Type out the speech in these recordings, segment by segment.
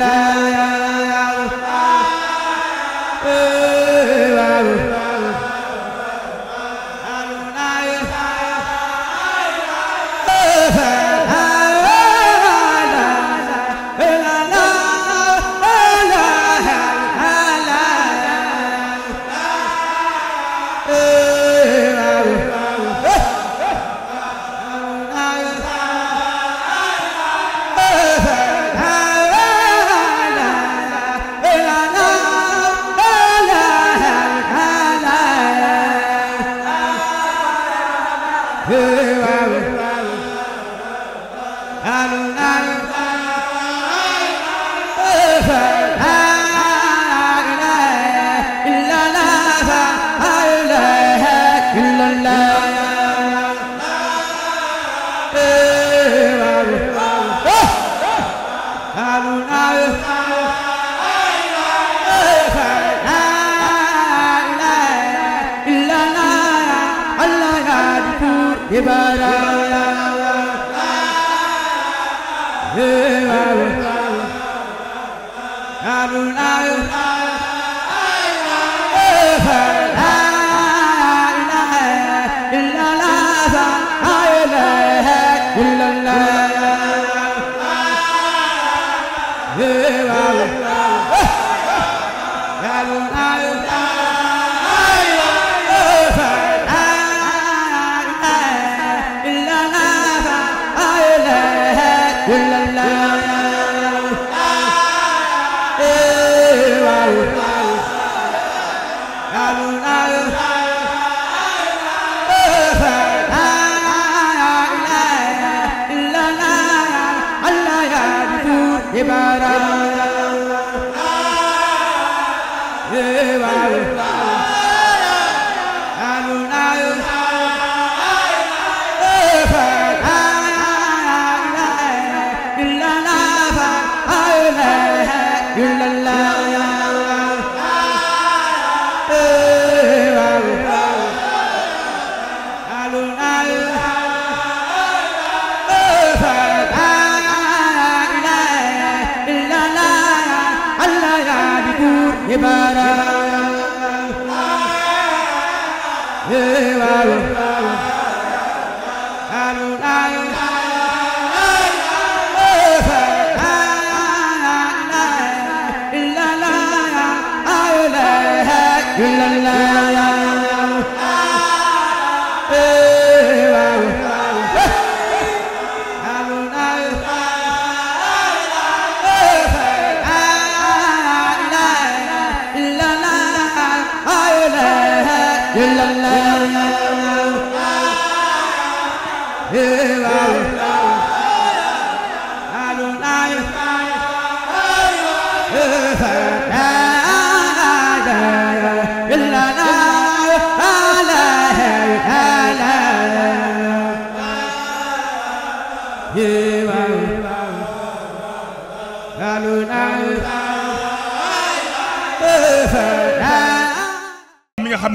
la bara la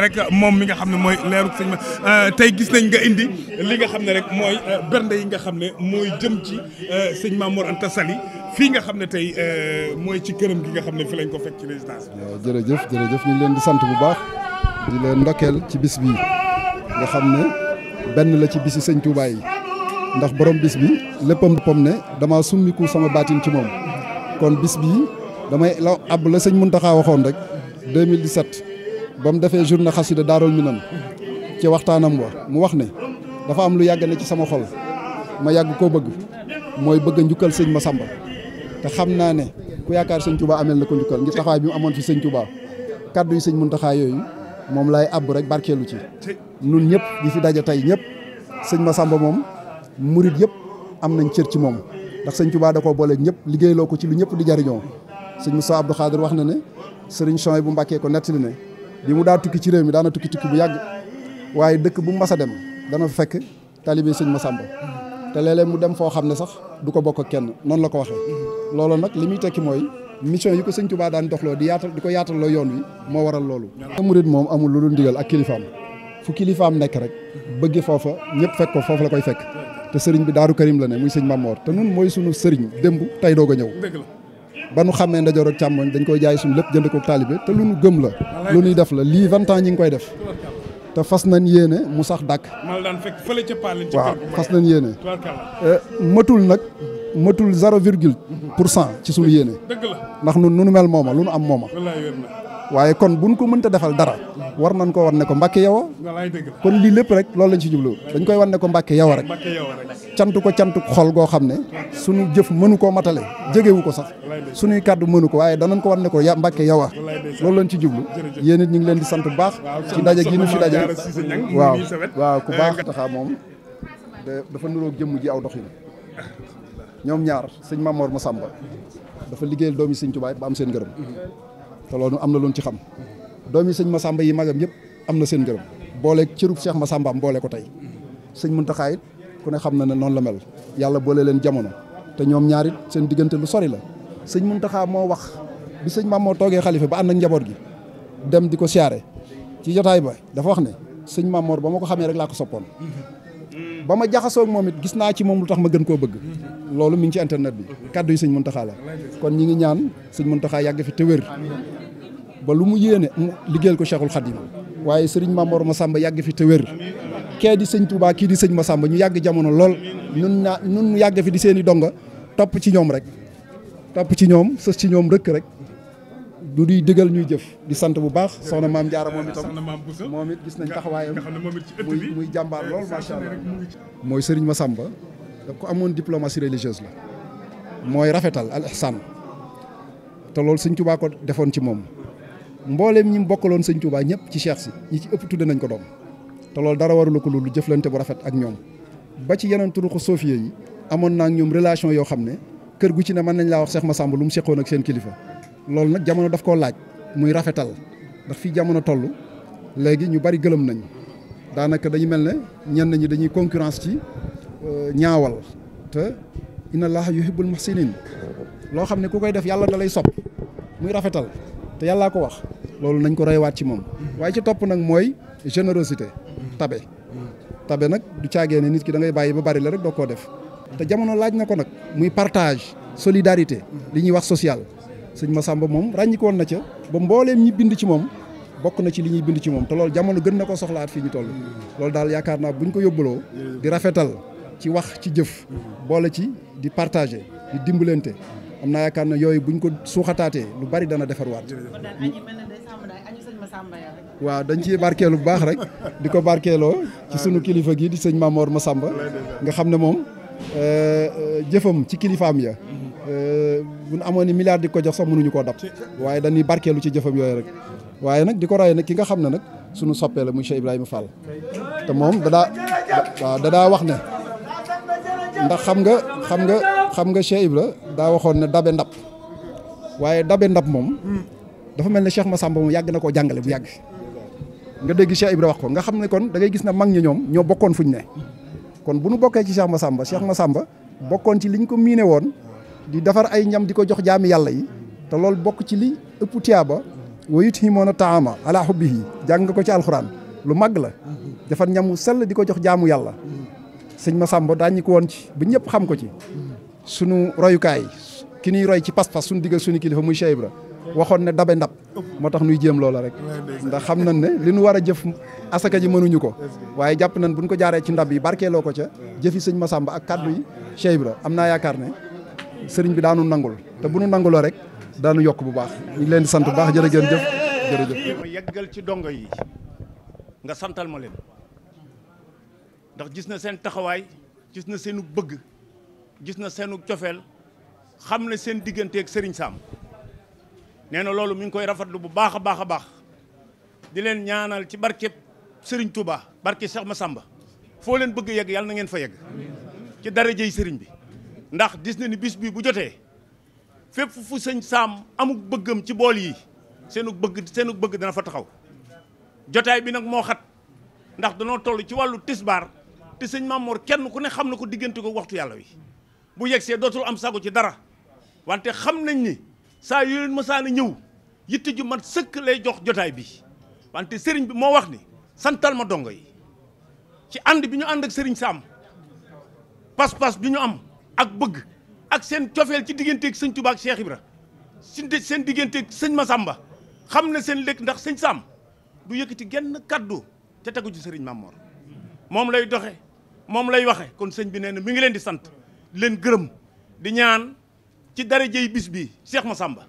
ne moom mi nga xam ne mooy leerug sëñ ma euh, tey gis nañ nga indi li nga xam ne rek mooy euh, bernde yi nga xam ne mooy jëm ci euh, sëñ Mamour Anta Sali fii nga xam ne tey mooy ci këram gi nga xam ne fi lañ ko fekk ci résidence bi. waaw jërëjëf jërëjëf ñu leen di sant bu baax di leen ndokkeel ci bis bi nga xam ne benn la ci bisi sëñ Touba yi ndax borom bis bi léppam boppam ne damaa summiku sama baatin ci moom kon bis bi damay la ab la sëñ mun Mountakha waxoon rek 2017 ba mu defee journée xasida daarul minan ci waxtaanam wa mu wax ne dafa am lu yàgg ne ci sama xol ma yàgg koo bëgg mooy bëgg a njukkal sëñ Massamba te xam naa ne ku yaakaar sëñ Touba amee na ko njukkal ngir taxawaay bi mu amoon fi sëñ Touba kaddu yi sëñ Muntaxa yooyu moom laay àbb rek barkeelu ci nun ñëpp ñi fi daje tey ñëpp sëñ ma Massamba moom murit yëpp am nañ cër ci moom ndax sëñ Touba da koo boole ñëpp liggéeyloo ko ci lu ñëpp di jariñoo sëñ Moussa Abdou wax na ne sëriñ Chouaïbou bu Mbàkkee ko nettali ne li mu daa tukki ci réew mi daana tukki tukki bu yàgg waaye dëkk bu mbasa dem dana fekk taalibe sëñ Masamba te léeg mu dem foo xam ne sax du ko bokk kenn noonu la ko waxee loolu nag li muy tekki mooy mission yi ko sëñ Touba daan loo di yaatal di ko yaatal loo yoon wi moo waral loolu murid moom amul lu dul ndigal ak kilifaam fu kilifaam nekk rek bëgge foofa ñëpp fekk ko foofu la koy fekk te sëriñ bi Daaru Karim la ne muy sëñ Mamor te nun mooy sunu sëriñ démb tey doog a ñëw ba nu xamee ndajoor ak càmmoñ dañ koy jaay suñu lépp jënd ko taalibe te lu nu gëm la lu nuy def la lii vingt ans ñi ngi koy def te fas nañ yéene mu sax dàkk waaw fas nañ yéene eh, matul nag matul zéro virgule pour cent ci suñu yéene ndax nu nu nu mel mooma lu nu am mooma waaye kon buñ ko mënta defal dara war nañ ko wan ne ko mbàkke yow kon lii lépp rek loolu lañ ci jublu dañ koy wan ne ko mbàkke yow rek cant ko cant xol goo xam ne suñu jëf mënu koo matale jegewu ko sax suñuy kàddu mënu ko waaye danañ ko wan ne ko ya mbàkke yow loolu lañ ci jublu yéen it ñu ngi leen di sant bu baax ci ndaje gi nu fi daje waaw waaw ku baax eh, taxaa moom dafa nuroog jëmm ji aw dox yi ñoom ñaar sëñ ma Masamba dafa liggéey doom doomi sëñ Tuubaa ba am seen ngërëm mm-hmm. te loolu am na lu ci xam doomi sëñ Massamba yi magam yëpp am na seen ngërëm boole cërub Cheikh Massamba am boole ko tey sëñ Muntaxa it ku ne xam na ne noonu la mel yàlla boole leen jamono te ñoom ñaar it seen diggante lu sori la sëñ Muntaxa moo wax bi sëñ Maam moo toogee xalifa ba ànd ak njaboot gi dem di ko siyaare ci jotaay ba dafa wax ne sëñ Maam Mor ba ma ko xamee rek laa ko soppoon ba ma jaxasoo moom it gis naa ci moom lu tax ma gën koo bëgg loolu mu ngi ci internet bi kàddu yi sëñ Muntaxa ba lu mu yéene mu liggéeyal ko Cheikhul Khadim waaye sëriñ ma sàmba yàgg fi te wér kee di sëñ Touba kii di sëñ ma sàmba ñu yàgg jamono lool ñun naa ñun yàgg fi di seeni donga topp ci ñoom rek topp ci ñoom sës ci ñoom rëkk rek du di digal ñuy jëf di sant bu baax na maam Jaara moom itam moom it gis nañ taxawaayam muy muy jàmbaar lool macha mooy sëriñ Masamba daf ko amoon diplomatie religieuse la mooy rafetal al ihsan te loolu sëñ Touba ko defoon ci moom. mbooleem ñi bokkaloon sëñ Touba ñëpp ci cheikh si ñi ci ëpp tudde nañ ko doom te loolu dara warula ko lu jëflante bu rafet ak ñoom ba ci yeneen turuqu sofiye yi amoon naa ak ñoom relation yoo xam ne kër gu ci ne mën nañu laa wax Cheikh Massamba lu mu seqoon ak seen kilifa loolu nag jamono daf koo laaj muy rafetal ndax fii jamono toll léegi ñu bari gëlëm nañu daanaka dañu mel ne ñenn ñi dañuy concurrence ci euh, ñaawal te inna yu yuhibbul muhsinin loo xam ne ku koy def yàlla da lay sopp muy rafetal te yàllaa ko wax loolu nañ ko waat ci moom mm-hmm. waaye ci topp nag mooy générosité tabe tabe nag du caagee ne nit ki da ngay bàyyi ba bari la rek doo koo def te jamono laaj na ko nag muy partage solidarité mm-hmm. li ñuy wax social sëñ Massamba moom ràññi na ca ba mbooleem ñi bind ci moom bokk na ci li ñuy bind ci moom te loolu jamono gën na ko soxlaat fii ñu toll mm-hmm. loolu daal yaakaar naa buñ ko yóbbaloo di rafetal ci wax ci jëf boole ci di partager di dimbalante am naa yaakaar na yooyu buñ ko suuxataatee lu bari dana defarwaat waaw dañ ciy barkeelu bu baax rek di ko barkeeloo ci sunu kilifa gi di sëñ ma Masamba nga xam ne moom euh, jëfam ci kilifaam ya euh, bu nu amoon ni milliard di ko jox sax mënuñu koo dab waaye dañuy barkeelu ci jëfam yooyu rek waaye nag di ko roy nag ki nga xam ne nag sunu soppee la muy Cheikh Ibrahima te moom dadaa waaw dadaa wax ne ndax xam nga xam nga xam nga Cheikh Ibra daa waxoon ne dabe ndab waaye dabe ndab moom dafa mel ne Cheikh sàmba mu yàgg na koo jàngale bu yàgg nga dégg Cheikh Ibra wax ko nga xam ne kon da gis na mag ñi ñoom ñoo bokkoon fuñ ne kon bu nu bokkee ci Cheikh Massamba Cheikh Massamba bokkoon ci liñ ko miine woon di defar ay ñam di ko jox jaami yàlla yi te loolu bokk ci li ëpp tiyaaba wayut yi moon a taama ala hubbihi jàng nga ko ci alxuraan lu màgg la defar ñamu sell di ko jox jaamu yàlla sëñ Massamba daañu ko woon ci ba ñëpp xam ko ci sunu royukaay ki ñuy roy ci pas-pas suñu diggal suñu kilifa muy Cheikh Ibra waxoon ne dabe ndab moo tax nuy jéem loola rek ndax xam nañ ne li nu war a jëf asaka ji mënuñu ko waaye jàpp nañ buñ ko jaaree ci ndab yi barkeeloo ko ca jëfi sëñ ma Massamba ak kàddu yi Cheikh yaakaar ne sëriñ bi daanu nangul te bu nu nanguloo rek daanu yokk bu baax ñu leen di sant bu baax jërëgeen jëf jërëjëf ma yeggal ci dongo yi nga santal ma leen ndax gis na seen taxawaay gis na seenu bëgg gis na seenu cofeel xam na seen digganteeg sëriñ Sam nee na loolu mi ngi koy rafetlu bu baax a baax a baax di leen ñaanal ci barkeb Serigne Touba barke ma sàmba foo leen bëgg yegg yàlla na ngeen fa yegg ci darajey sëriñ bi ndax gis na ni bis bi bu jotee fépp fu sëñ saam amuk bëggam ci bool yi seenu bëgg seenu bëgg dana fa taxaw jotaay bi nag moo xat ndax danoo toll ci wàllu tisbaar te sëñ Mamour kenn ku ne xam na ko diggante ko waxtu yàlla wi bu yegg see dootul am sago ci dara wante xam nañ ni saa yu leen mësaan a ñëw yitte ju mat sëkk lay jox jotaay bi wante sëriñ bi moo wax ni santal ma dongo yi ci ànd bi ñu ànd ak sëriñ Sam pas-pas bi ñu am ak bëgg ak seen cofeel ci digganteek sëñ Touba ak Cheikh Ibra seen digganteeg sëñ ma sàmba xam na seen lekk ndax sëñ Sam du ci genn kaddu te tegu ci sëriñ Mamor moom lay doxe moom lay waxe kon sëñ bi nee na mi ngi leen di sant leen gërëm di ñaan ci darajey bis bi ma sàmba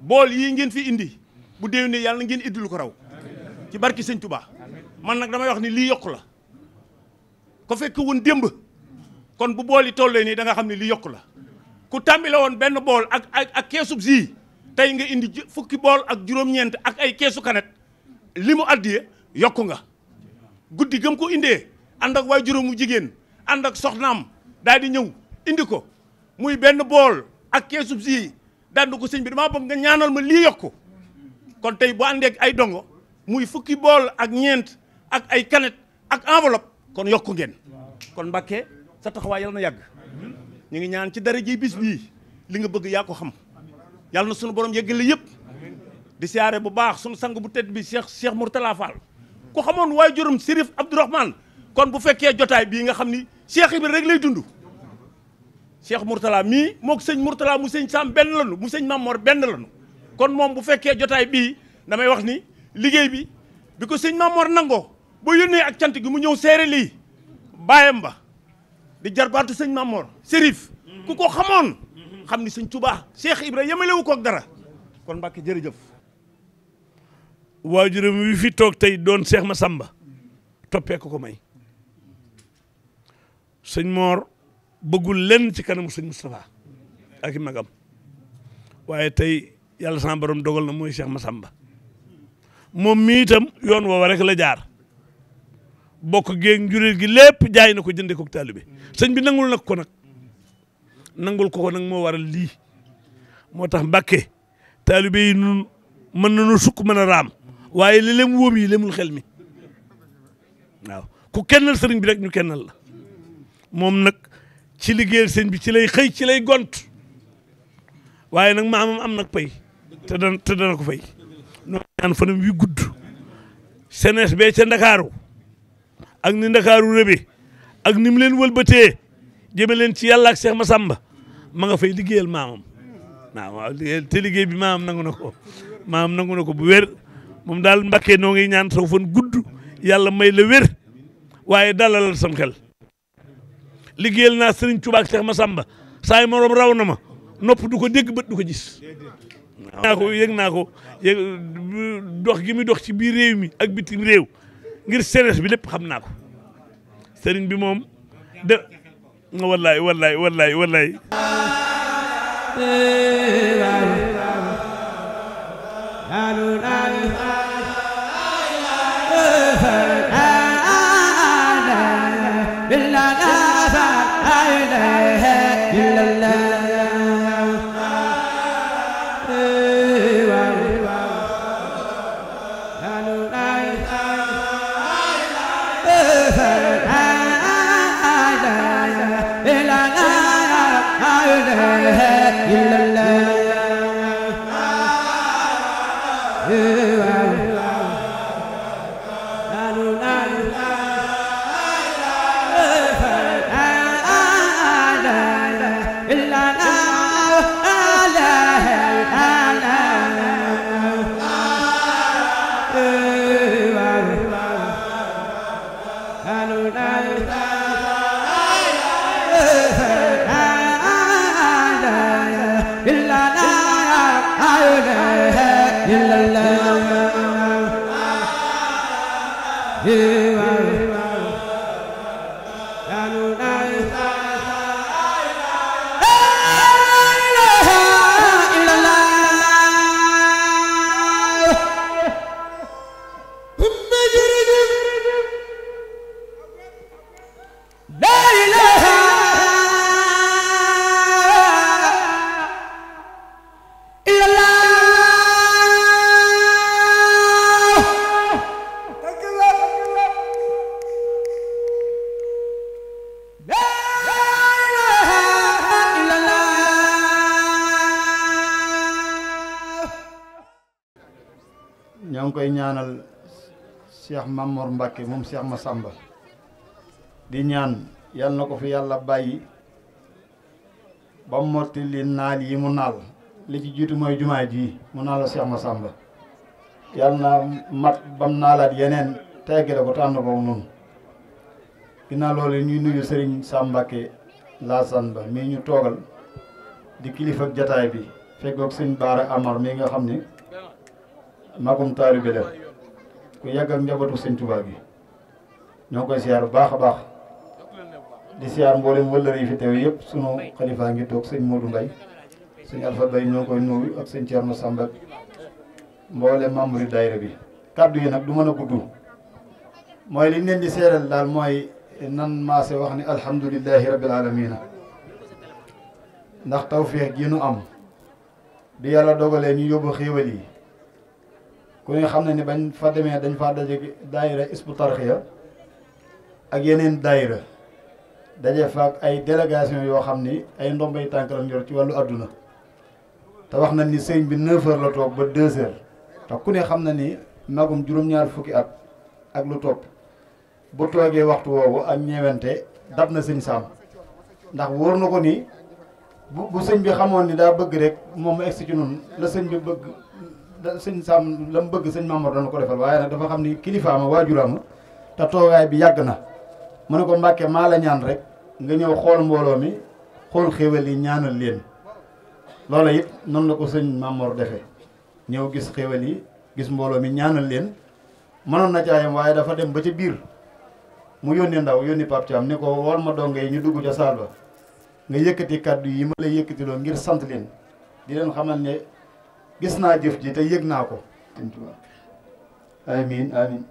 bool yii ngeen fi indi bu déwénee yàlla na ngeen indi ko raw ci barki sëñ Touba man nag damay wax ni lii yokku la ko fekk woon démb kon bu bool yi tollee nii da xam ne lii yokku la ku tàmbale woon benn bool ak ak ak keesub sii tey nga indi fukki bool ak juróom-ñeent ak ay keesu kanet li mu addiye yokk nga guddi gëm ko indee ànd ak waay juróomu jigéen ànd ak soxnaam daal di ñëw indi ko muy benn bool ak keesu sii daan ko sëñ bi damaa bëgg nga ñaanal ma lii yokku kon tey bu àndee ay dongo muy fukki bool ak ñeent ak ay kanet ak envelop kon yokku ngeen kon Mbàkke sa taxawaay yal na yàgg ñu ngi ñaan ci dara ji bis bii li nga bëgg yaa ko xam yàlla na sunu borom yëggale yëpp di siyaare bu baax sunu sang bu tedd bi Cheikh Cheikh Mourtala Fall ku xamoon waaye juróom Sérif Abdourahmane kon bu fekkee jotaay bii nga xam ni Cheikh Ibrahima rek lay dund Cheikh Mourtala mii mook sëñ Mourtala mu sëñ Sam benn lanu mu sëñ Mamor benn lanu kon moom bu fekkee jotaay bii damay wax ni liggéey bi bi ko sëñ Mamor nangoo boo yónnee ak cant gi mu ñëw seere lii baayam ba di jarbaatu sëñ Mamor Serif ku ko xamoon xam ni sëñ Touba Cheikh Ibra yemalewu ko dara kon Mbàkke jërëjëf. waajuram wi fi toog tey doon Cheikh Massamba toppee ko ko may sëñ Mor. bëggul lenn ci kanamu sëñ Moustapha ak i magam waaye tey yàlla sama borom dogal na mooy ma Massamba moom miitam itam yoon woowa rek la jaar bokk géeg njuril gi lépp jaay na ko jënde ko taalibe sëñ bi nangul nag ko nag nangul ko ko nag moo waral lii moo tax Mbàkke taalibe yi nun mën nañu sukk mën a raam waaye li lem lemul xel mi waaw ku kennal sëriñ bi rek ñu kennal la moom nag ci liggéeyal sëñ bi ci lay xëy ci lay gont waaye nag maamam am nag pay te dana te dana ko fay noonu fanam wi gudd senes bee ca ndakaaru ak ni ndakaaru rëbe ak ni mu leen wëlbatee jëme leen ci yàlla ak Seex Masamba ma nga fay liggéeyal maamam waaw liggéeyal te liggéey bi maamam nangu na ko maamam nangu ko bu wér moom daal Mbàkke noo ngi ñaan saw fan gudd yàlla may la wér waaye dalalal sam liggéeyal naa Serigne Touba ak Cheikh Massamba saay morom raw na ma nopp du ko dégg bët du ko gis. yëg naa ko dox gi muy dox ci biir réew mi ak bitim réew ngir séeréer bi lépp xam naa ko Serigne bi moom de wallaay wallaay wallaay wallaay. لا إله ñoo ngi koy ñaanal Cheikh Mamor Mbacke moom seex ma Massamba di ñaan yal na ko fi yàlla bàyyi ba motti mottali naal yi mu naal li ci jiitu mooy jumaa ji mu naal la ma Massamba yal na mat bam naalaat yeneen teggi la ko tànn ko noonu ginnaaw loolu ñuy nuyu Serigne Sam Mbacke Ba mii ñu toogal di kilifa ak jataay bi fekkoog sëñ Baara Amar mii nga xam ne magum taalibe la ku yàgg ak njabootu sëñ Tuubaa ñoo koy siyaar bu baax a baax di siyaar mboolem wëllëre yi fi teew yëpp sunu xalifaa ngi toog sëñ Modou Mbaye sëñ Alpha Mbaye ñoo koy nuyu ak sëñ Thierno Samba mboolem membre daayira bi kàddu yi nag du mën a gudd mooy li ñu leen di seeral daal mooy nan maase wax ni alhamdulillahi rabbil alamina ndax tawféex gi nu am bi yàlla dogalee ñu yóbbu xéewal yi ku ne xam na ni bañ fa demee dañ fa daje daayira isbu tarxiya ak yeneen daayira daje fa ak ay délégation yoo xam ni ay ndombay tànk lañ yor ci wàllu àdduna te wax na ni sëñ bi 9 heures la toog ba 2 heures te ku ne xam na ni magum juróom-ñaar fukki at ak lu topp bu toogee waxtu woowu ak ñeewante dab na sëñ Sam ndax wóor na ko ni bu sëñ bi xamoon ni daa bëgg rek moom mu egsi ci noonu la sëñ bi bëgg. sëñ Sam la mu bëgg sëñ Mamoor dana ko defal waaye nag dafa xam ni kilifaama waajuraama te toogaay bi yàgg na mu ne ko Mbàkke maa la ñaan rek nga ñëw xool mbooloo mi xool xéwal yi ñaanal leen loola it noonu la ko sëñ Mamoor defe ñëw gis xéwal yi gis mbooloo mi ñaanal leen mënoon na caayam waaye dafa dem ba ca biir mu yónni ndaw yónni Pape Thiam ni ko wool ma donge yi ñu dugg ca saal ba nga yëkkati kàddu yi ma la yëkkati ngir sant leen di leen gis naa jëf ji te yëg naa ko. amiin amiin.